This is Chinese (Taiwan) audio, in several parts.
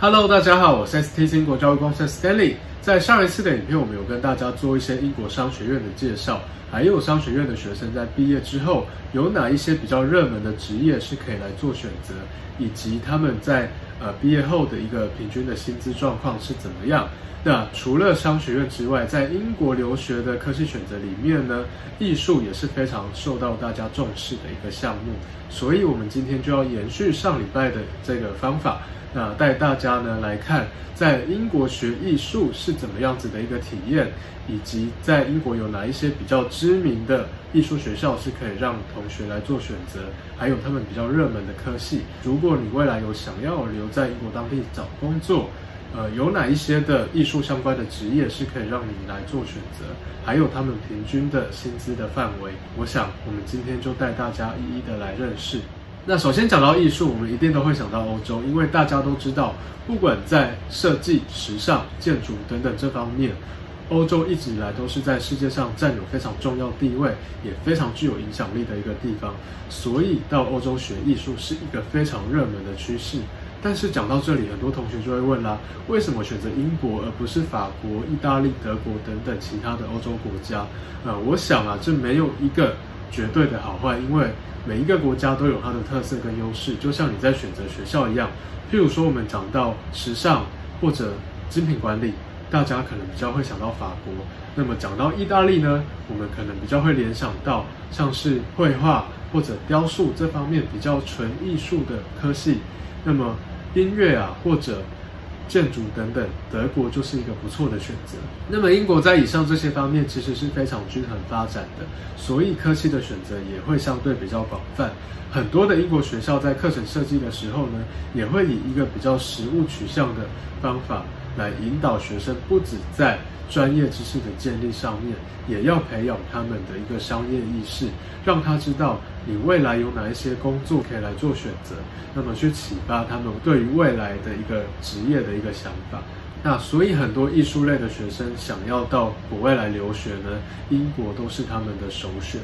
哈嘍，Hello, 大家好，我是 ST 英國教育公司的 Stanley。在上一次的影片，我們有跟大家做一些英國商學院的介紹，還有商學院的學生在畢業之後有哪一些比較熱門的職業是可以來做選擇，以及他們在呃畢業後的一個平均的薪資狀況是怎麼樣。那除了商學院之外，在英國留學的科系選擇裡面呢，藝術也是非常受到大家重視的一個項目。所以，我們今天就要延續上禮拜的這個方法。那帶大家呢來看，在英國學藝術是怎麼樣子的一個體驗，以及在英國有哪一些比較知名的藝術學校是可以讓同學來做選擇，還有他們比較熱門的科系。如果你未來有想要留在英國當地找工作，呃，有哪一些的藝術相關的職業是可以讓你來做選擇，還有他們平均的薪資的範圍。我想，我們今天就帶大家一一的來認識。那首先講到藝術，我們一定都會想到歐洲，因為大家都知道，不管在設計、時尚、建築等等這方面，歐洲一直以來都是在世界上佔有非常重要地位，也非常具有影響力的一個地方。所以到歐洲學藝術是一個非常熱門的趨勢。但是講到這裡，很多同學就會問啦，為什麼選擇英國而不是法國、意大利、德國等等其他的歐洲國家？呃，我想啊，這沒有一個。絕對的好壞，因為每一個國家都有它的特色跟優勢，就像你在選擇學校一樣。譬如說，我們講到時尚或者精品管理，大家可能比較會想到法國；那麼講到意大利呢，我們可能比較會聯想到像是繪畫或者雕塑這方面比較純藝術的科系。那麼音樂啊，或者……建築等等，德國就是一個不錯的選擇。那麼英國在以上這些方面其實是非常均衡發展的，所以科系的選擇也會相對比較廣泛。很多的英國學校在課程設計的時候呢，也會以一個比較實務取向的方法來引導學生，不止在專業知識的建立上面，也要培養他們的一個商業意識，讓他知道。你未來有哪一些工作可以來做選擇，那麼去啟發他們對於未來的一個職業的一個想法。那所以很多藝術類的學生想要到國外來留學呢，英國都是他們的首選。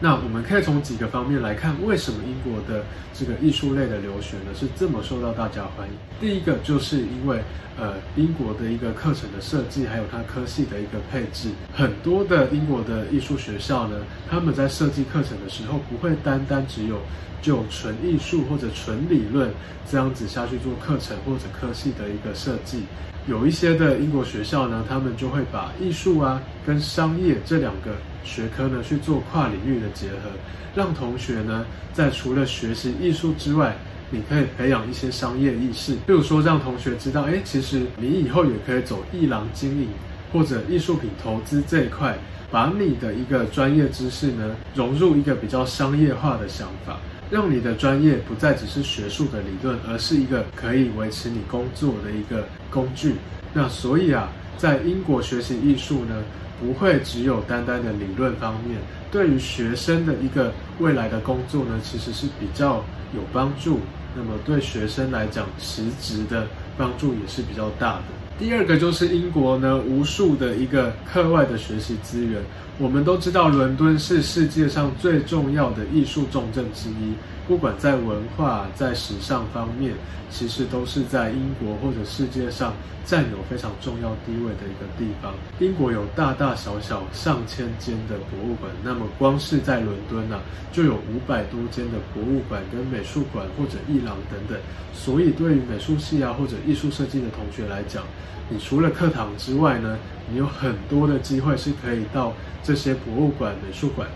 那我們可以從幾個方面來看，為什麼英國的這個藝術類的留學呢是這麼受到大家歡迎？第一個就是因為，呃，英國的一個課程的設計，還有它科系的一個配置，很多的英國的藝術學校呢，他們在設計課程的時候，不會單單只有就純藝術或者純理論這樣子下去做課程或者科系的一個設計。有一些的英國學校呢，他們就會把藝術啊跟商業這兩個學科呢去做跨領域的結合，讓同學呢在除了學習藝術之外，你可以培養一些商業意識。比如說，讓同學知道，哎、欸，其實你以後也可以走藝廊經營，或者藝術品投資這一塊，把你的一個專業知識呢融入一個比較商業化的想法。讓你的專業不再只是學術的理論，而是一個可以維持你工作的一個工具。那所以啊，在英國學習藝術呢，不會只有單單的理論方面，對於學生的一個未來的工作呢，其實是比較有幫助。那麼對學生來講，實質的幫助也是比較大的。第二個就是英國呢，無數的一個課外的學習資源。我們都知道，倫敦是世界上最重要的藝術重鎮之一。不管在文化、在時尚方面，其實都是在英國或者世界上佔有非常重要地位的一個地方。英國有大大小小上千間的博物館，那麼光是在倫敦呢啊，就有五百多間的博物館跟美術館或者藝廊等等。所以，對於美術系啊或者藝術設計的同學來講，你除了課堂之外呢，你有很多的機會是可以到這些博物館、美術館。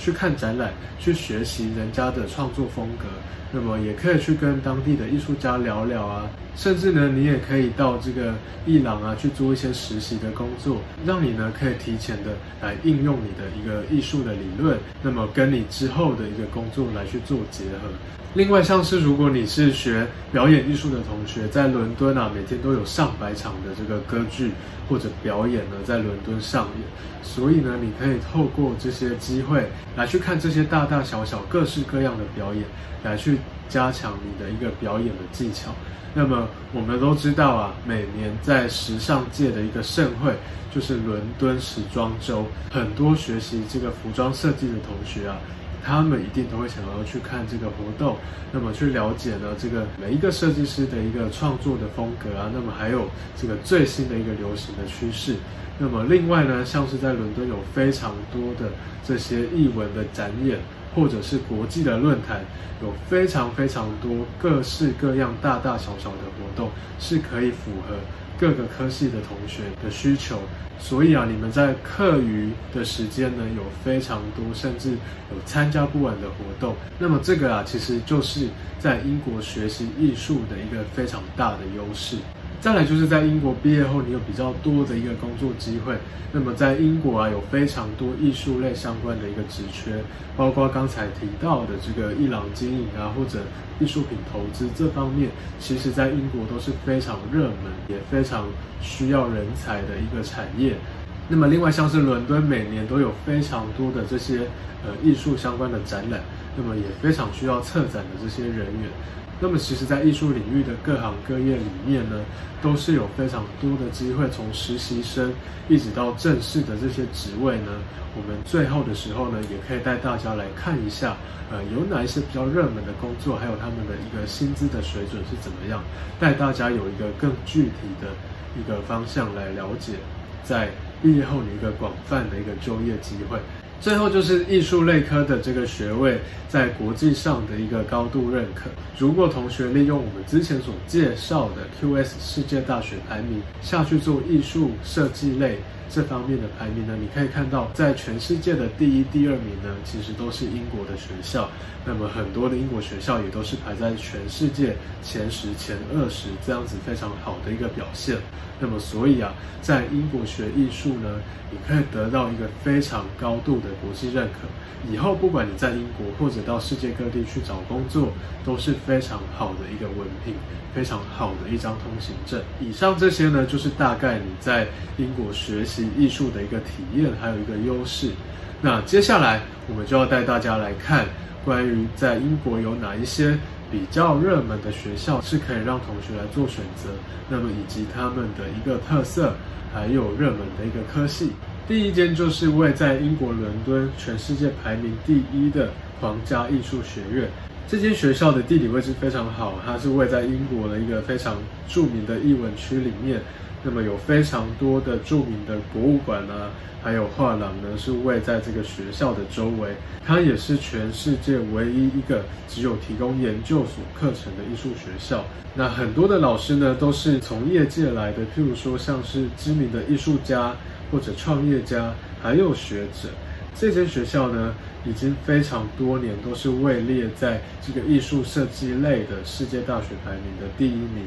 去看展覽，去學習人家的創作風格，那麼也可以去跟當地的藝術家聊聊啊，甚至呢，你也可以到這個藝廊啊去做一些實習的工作，讓你呢可以提前的來應用你的一個藝術的理論，那麼跟你之後的一個工作來去做結合。另外，像是如果你是學表演藝術的同學，在倫敦啊，每天都有上百場的這個歌劇或者表演呢，在倫敦上演，所以呢，你可以透過這些機會來去看這些大大小小、各式各樣的表演，來去加強你的一個表演的技巧。那麼我們都知道啊，每年在時尚界的一個盛會，就是倫敦時裝周，很多學習這個服裝設計的同學啊。他們一定都會想要去看這個活動，那麼去了解呢，這個每一個設計師的一個創作的風格啊，那麼還有這個最新的一個流行的趨勢。那麼另外呢，像是在倫敦有非常多的這些藝文的展演，或者是國際的論壇，有非常非常多各式各樣大大小小的活動，是可以符合。各個科系的同學的需求，所以啊，你們在課餘的時間呢，有非常多，甚至有參加不完的活動。那麼這個啊，其實就是在英國學習藝術的一個非常大的優勢。再來就是在英國畢業後，你有比較多的一個工作機會。那麼在英國啊，有非常多藝術類相關的一個職缺，包括剛才提到的這個藝廊經營啊，或者藝術品投資這方面，其實在英國都是非常熱門，也非常需要人才的一個產業。那麼另外像是倫敦每年都有非常多的這些呃藝術相關的展覽，那麼也非常需要策展的這些人員。那麼其實，在藝術領域的各行各業裡面呢，都是有非常多的機會，從實習生一直到正式的這些職位呢。我們最後的時候呢，也可以帶大家來看一下，呃，有哪一些比較熱門的工作，還有他們的一個薪資的水準是怎麼樣，帶大家有一個更具體的一個方向來了解，在畢業後的一個廣泛的一個就業機會。最後就是藝術類科的這個學位在國際上的一個高度認可。如果同學利用我們之前所介紹的 QS 世界大學排名下去做藝術設計類。這方面的排名呢，你可以看到，在全世界的第一、第二名呢，其實都是英國的學校。那麼很多的英國學校也都是排在全世界前十、前二十這樣子非常好的一個表現。那麼所以啊，在英國學藝術呢，你可以得到一個非常高度的國際認可。以後不管你在英國或者到世界各地去找工作，都是非常好的一個文憑，非常好的一張通行證。以上這些呢，就是大概你在英國學習。藝術的一個體驗，還有一個優勢。那接下來我們就要帶大家來看，關於在英國有哪一些比較熱門的學校是可以讓同學來做選擇，那麼以及他們的一個特色，還有熱門的一個科系。第一間就是位在英國倫敦，全世界排名第一的皇家藝術學院。這間學校的地理位置非常好，它是位在英國的一個非常著名的藝文區裡面。那麼有非常多的著名的博物館啊，還有畫廊呢，是位在這個學校的周圍。它也是全世界唯一一個只有提供研究所課程的藝術學校。那很多的老師呢，都是從業界來的，譬如說像是知名的藝術家或者創業家，還有學者。這些學校呢，已經非常多年都是位列在這個藝術設計類的世界大學排名的第一名。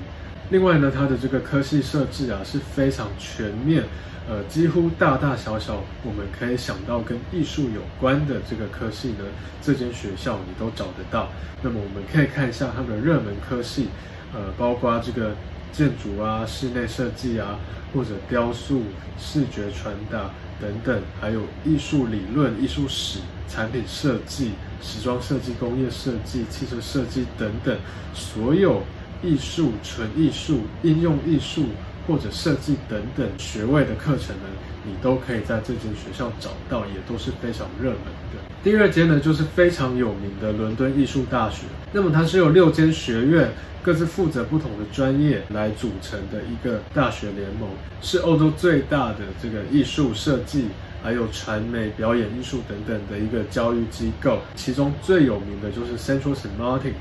另外呢，它的這個科系設置啊，是非常全面，呃，幾乎大大小小我們可以想到跟藝術有關的這個科系呢，這間學校你都找得到。那麼我們可以看一下他們的熱門科系，呃，包括這個建築啊、室內設計啊，或者雕塑、視覺傳達等等，還有藝術理論、藝術史、產品設計、時裝設計、工業設計、汽車設計等等，所有。藝術、純藝術、應用藝術或者設計等等學位的課程呢，你都可以在這間學校找到，也都是非常熱門的。第二間呢，就是非常有名的倫敦藝術大學，那麼它是由六間學院，各自負責不同的專業來組成的一個大學聯盟，是歐洲最大的這個藝術設計。還有傳媒、表演藝術等等的一個教育機構，其中最有名的就是 Central Saint Martins，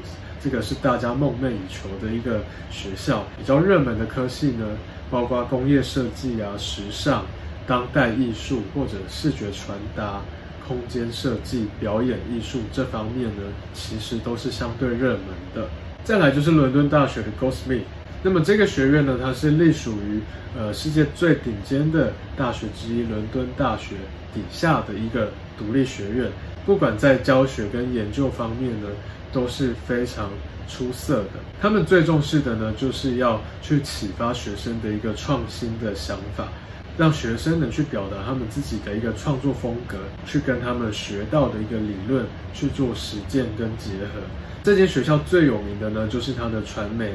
這個是大家夢寐以求的一個學校。比較熱門的科系呢，包括工業設計啊、時尚、當代藝術或者視覺傳達、空間設計、表演藝術這方面呢，其實都是相對熱門的。再來就是倫敦大學的 Goldsmith。那麼這個學院呢，它是隸屬於呃世界最頂尖的大學之一——倫敦大學底下的一個獨立學院。不管在教學跟研究方面呢，都是非常出色的。他們最重視的呢，就是要去啟發學生的一個創新的想法，讓學生能去表達他們自己的一個創作風格，去跟他們學到的一個理論去做實踐跟結合。這間學校最有名的呢，就是它的傳媒。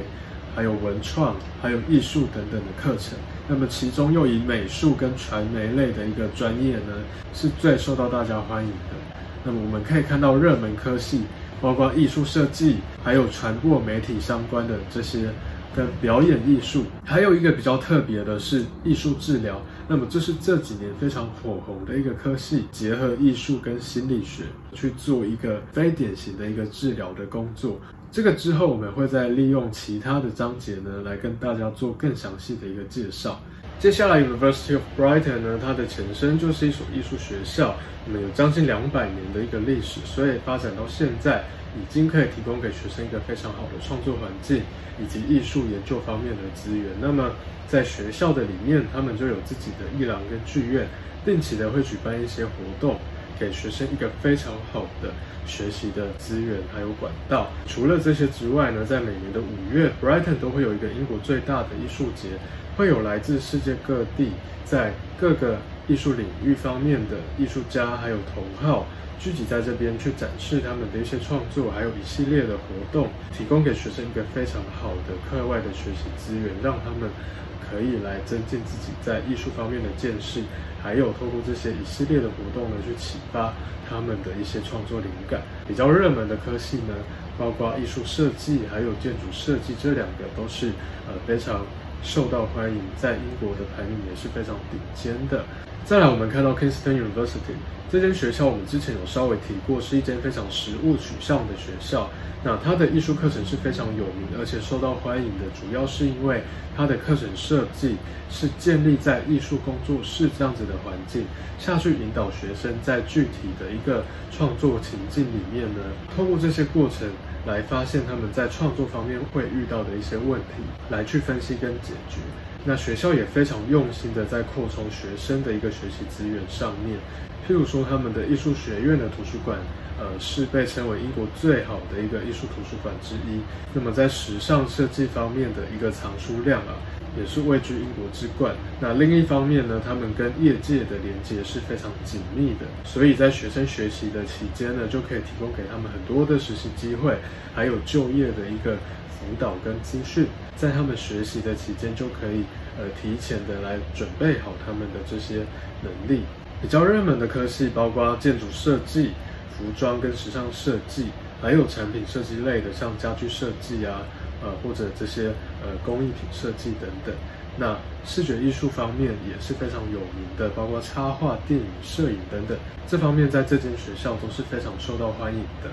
還有文創，還有藝術等等的課程。那麼其中又以美術跟傳媒類的一個專業呢，是最受到大家歡迎的。那麼我們可以看到熱門科系，包括藝術設計，還有傳播媒體相關的這些，跟表演藝術。還有一個比較特別的是藝術治療。那麼這是這幾年非常火紅的一個科系，結合藝術跟心理學去做一個非典型的一個治療的工作。這個之後，我們會再利用其他的章節呢，來跟大家做更詳細的一個介紹。接下來，University of Brighton 呢，它的前身就是一所藝術學校，那麼有將近兩百年的一個歷史，所以發展到現在，已經可以提供給學生一個非常好的創作環境以及藝術研究方面的資源。那麼，在學校的裡面，他們就有自己的藝廊跟劇院，定期的會舉辦一些活動。給學生一個非常好的學習的資源還有管道。除了這些之外呢，在每年的五月，Brighton 都會有一個英國最大的藝術節，會有來自世界各地在各個。藝術領域方面的藝術家還有同好聚集在這邊去展示他們的一些創作，還有一系列的活動，提供給學生一個非常好的課外的學習資源，讓他們可以來增進自己在藝術方面的見識，還有透過這些一系列的活動呢，去啟發他們的一些創作靈感。比較熱門的科系呢，包括藝術設計還有建築設計，這兩個都是呃非常受到歡迎，在英國的排名也是非常頂尖的。再來，我們看到 Kingston University 這間學校，我們之前有稍微提過，是一間非常實務取向的學校。那它的藝術課程是非常有名，而且受到歡迎的，主要是因為它的課程設計是建立在藝術工作室這樣子的環境下去引導學生，在具體的一個創作情境裡面呢，通過這些過程。來發現他們在創作方面會遇到的一些問題，來去分析跟解決。那學校也非常用心的在擴充學生的一個學習資源上面，譬如說他們的藝術學院的圖書館，呃，是被稱為英國最好的一個藝術圖書館之一。那麼在時尚設計方面的一個藏書量啊。也是位居英國之冠。那另一方面呢，他們跟業界的連接是非常緊密的，所以在學生學習的期間呢，就可以提供給他們很多的實習機會，還有就業的一個輔導跟資訊，在他們學習的期間就可以呃提前的來準備好他們的這些能力。比較熱門的科系包括建築設計、服裝跟時尚設計，還有產品設計類的，像家具設計啊，呃或者這些。工藝品設計等等，那視覺藝術方面也是非常有名的，包括插畫、電影、攝影等等，這方面在這間學校都是非常受到歡迎的。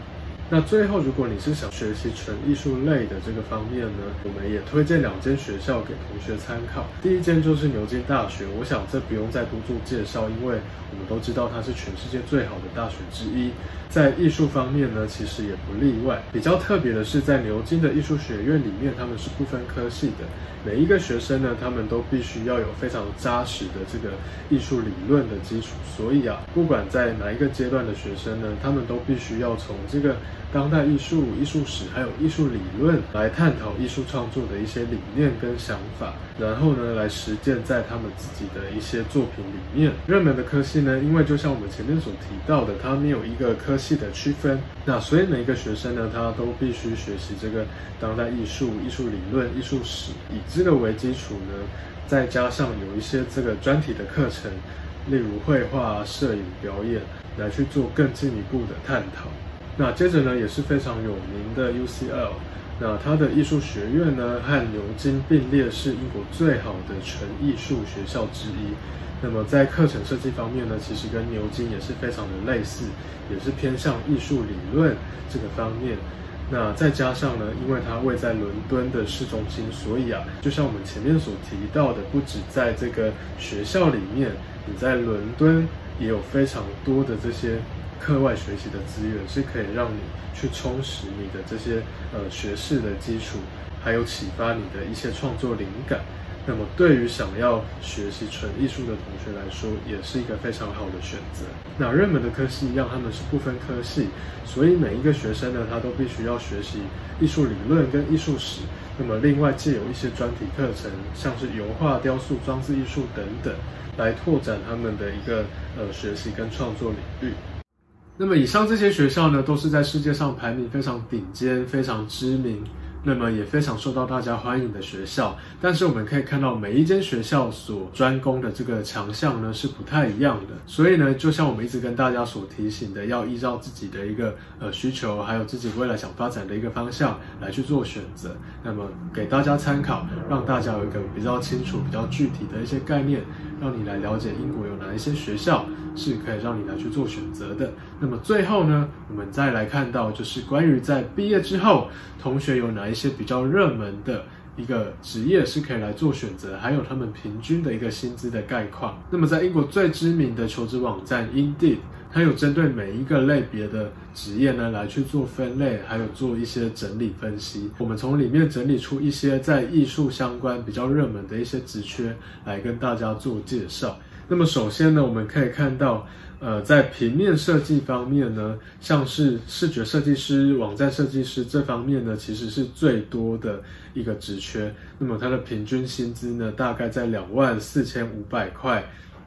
那最後，如果你是想學習純藝術類的這個方面呢，我們也推薦兩間學校給同學參考。第一間就是牛津大學，我想這不用再多做介紹，因為我們都知道它是全世界最好的大學之一。在藝術方面呢，其實也不例外。比較特別的是，在牛津的藝術學院裡面，他們是不分科系的，每一個學生呢，他們都必須要有非常紮實的這個藝術理論的基礎。所以啊，不管在哪一個階段的學生呢，他們都必須要從這個。當代藝術、藝術史還有藝術理論來探討藝術創作的一些理念跟想法，然後呢來實踐在他們自己的一些作品裡面。熱門的科系呢，因為就像我們前面所提到的，它沒有一個科系的區分，那所以每一個學生呢，他都必須學習這個當代藝術、藝術理論、藝術史，以這個為基礎呢，再加上有一些這個專題的課程，例如繪畫、攝影、表演，來去做更進一步的探討。那接着呢，也是非常有名的 UCL，那它的藝術學院呢，和牛津並列是英國最好的純藝術學校之一。那麼在課程設計方面呢，其實跟牛津也是非常的類似，也是偏向藝術理論這個方面。那再加上呢，因為它位在倫敦的市中心，所以啊，就像我們前面所提到的，不止在這個學校裡面，你在倫敦也有非常多的這些。課外學習的資源是可以讓你去充實你的這些呃學識的基礎，還有啟發你的一些創作靈感。那麼對於想要學習純藝術的同學來說，也是一個非常好的選擇。那熱門的科系一樣，他們是不分科系，所以每一個學生呢，他都必須要學習藝術理論跟藝術史。那麼另外借由一些專題課程，像是油畫、雕塑、裝置藝術等等，來拓展他們的一個呃學習跟創作領域。那麼，以上這些學校呢，都是在世界上排名非常頂尖、非常知名。那麼也非常受到大家歡迎的學校，但是我們可以看到每一間學校所專攻的這個強項呢，是不太一樣的，所以呢，就像我們一直跟大家所提醒的，要依照自己的一個呃需求，還有自己未來想發展的一個方向來去做選擇。那麼給大家參考，讓大家有一個比較清楚、比較具體的一些概念，讓你來了解英國有哪一些學校是可以讓你來去做選擇的。那麼最後呢，我們再來看到就是關於在畢業之後，同學有哪一些一些比較熱門的一個職業是可以來做選擇，還有他們平均的一個薪資的概況。那麼在英國最知名的求職網站 Indeed，它有針對每一個類別的職業呢來去做分類，還有做一些整理分析。我們從裡面整理出一些在藝術相關比較熱門的一些職缺來跟大家做介紹。那麼首先呢，我們可以看到。呃，在平面設計方面呢，像是視覺設計師、網站設計師這方面呢，其實是最多的一個職缺。那麼它的平均薪資呢，大概在兩萬四千五百塊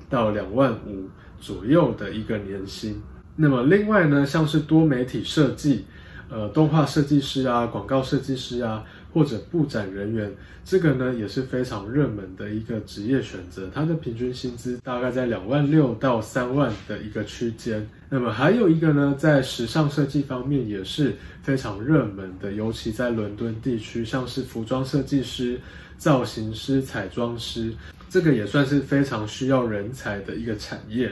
到兩萬五左右的一個年薪。那麼另外呢，像是多媒體設計，呃，動畫設計師啊，廣告設計師啊。或者布展人員，這個呢也是非常熱門的一個職業選擇，它的平均薪資大概在兩萬六到三萬的一個區間。那麼還有一個呢，在時尚設計方面也是非常熱門的，尤其在倫敦地區，像是服裝設計師、造型師、彩妝師，這個也算是非常需要人才的一個產業。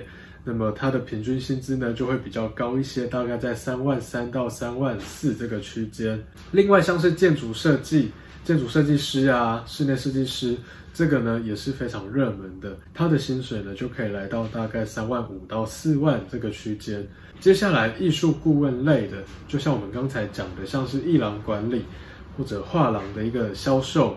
那麼它的平均薪資呢就會比較高一些，大概在三萬三到三萬四這個區間。另外像是建築設計、建築設計師啊、室內設計師，這個呢也是非常熱門的，它的薪水呢就可以來到大概三萬五到四萬這個區間。接下來藝術顧問類的，就像我們剛才講的，像是藝廊管理或者畫廊的一個銷售、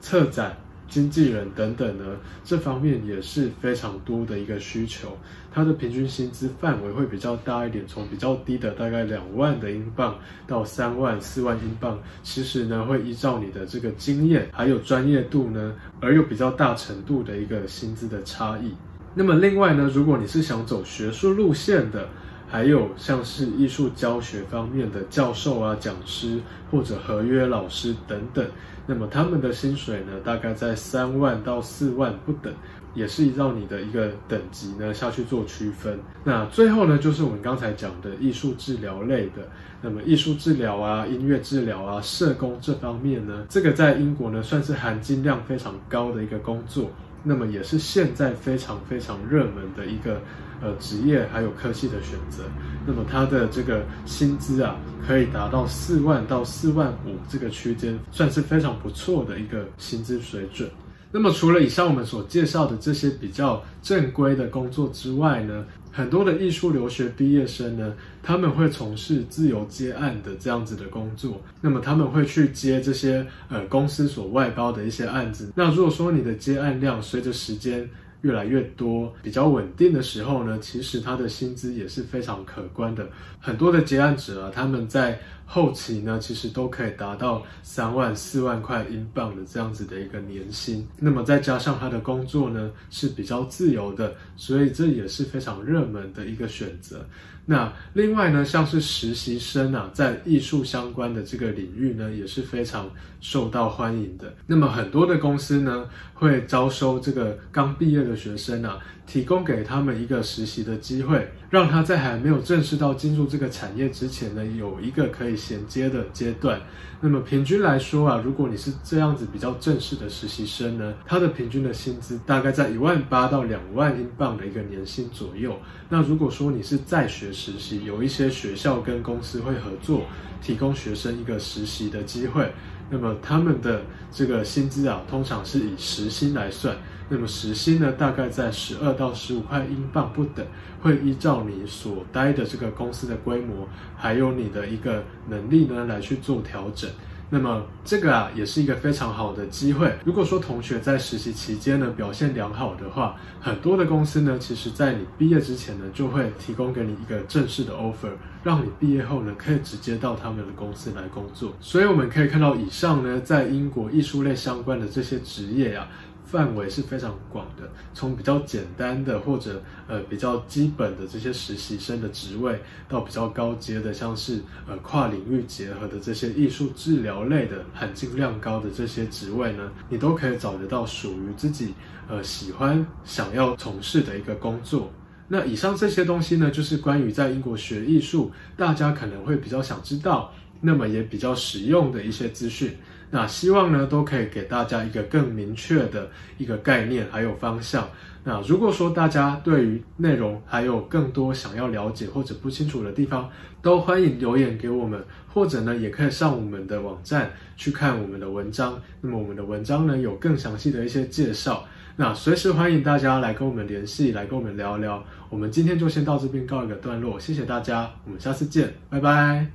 策展。經紀人等等呢，這方面也是非常多的一個需求，它的平均薪資範圍會比較大一點，從比較低的大概兩萬的英鎊到三萬、四萬英鎊，其實呢會依照你的這個經驗還有專業度呢，而有比較大程度的一個薪資的差異。那麼另外呢，如果你是想走學術路線的。還有像是藝術教學方面的教授啊、講師或者合約老師等等，那麼他們的薪水呢，大概在三萬到四萬不等，也是依照你的一個等級呢下去做區分。那最後呢，就是我們剛才講的藝術治療類的，那麼藝術治療啊、音樂治療啊、社工這方面呢，這個在英國呢算是含金量非常高的一個工作。那麼也是現在非常非常熱門的一個呃職業，還有科系的選擇。那麼它的這個薪資啊，可以達到四萬到四萬五這個區間，算是非常不錯的一個薪資水準。那麼除了以上我們所介紹的這些比較正規的工作之外呢，很多的藝術留學畢業生呢，他們會從事自由接案的這樣子的工作。那麼他們會去接這些，呃，公司所外包的一些案子。那如果說你的接案量隨着時間越來越多，比較穩定的時候呢，其實他的薪資也是非常可觀的。很多的接案者啊，他們在。後期呢，其實都可以達到三萬、四萬塊英鎊的這樣子的一個年薪。那麼再加上他的工作呢，是比較自由的，所以這也是非常熱門的一個選擇。那另外呢，像是實習生啊，在藝術相關的這個領域呢，也是非常受到歡迎的。那麼很多的公司呢，會招收這個剛畢業的學生啊，提供給他們一個實習的機會，讓他在還沒有正式到進入這個產業之前呢，有一個可以銜接的階段。那麼平均來說啊，如果你是這樣子比較正式的實習生呢，他的平均的薪資大概在一萬八到兩萬英鎊的一個年薪左右。那如果說你是在學生，實習，有一些學校跟公司會合作，提供學生一個實習的機會。那麼他們的這個薪資啊，通常是以時薪來算。那麼時薪呢，大概在十二到十五塊英鎊不等，會依照你所待的這個公司的規模，還有你的一個能力呢，來去做調整。那麼這個啊也是一個非常好的機會。如果說同學在實習期間呢表現良好的話，很多的公司呢其實在你畢業之前呢就會提供給你一個正式的 offer，讓你畢業後呢可以直接到他們的公司來工作。所以我們可以看到，以上呢在英國藝術類相關的這些職業啊。範圍是非常廣的，從比較簡單的或者呃比較基本的這些實習生的職位，到比較高階的，像是呃跨領域結合的這些藝術治療類的含金量高的這些職位呢，你都可以找得到屬於自己呃喜歡想要從事的一個工作。那以上這些東西呢，就是關於在英國學藝術，大家可能會比較想知道，那麼也比較實用的一些資訊。那希望呢都可以給大家一個更明確的一個概念，還有方向。那如果說大家對於內容還有更多想要了解或者不清楚的地方，都歡迎留言給我們，或者呢也可以上我們的網站去看我們的文章。那麼我們的文章呢有更詳細的一些介紹。那隨時歡迎大家來跟我們聯繫，來跟我們聊聊。我們今天就先到這邊告一個段落，謝謝大家，我們下次見，拜拜。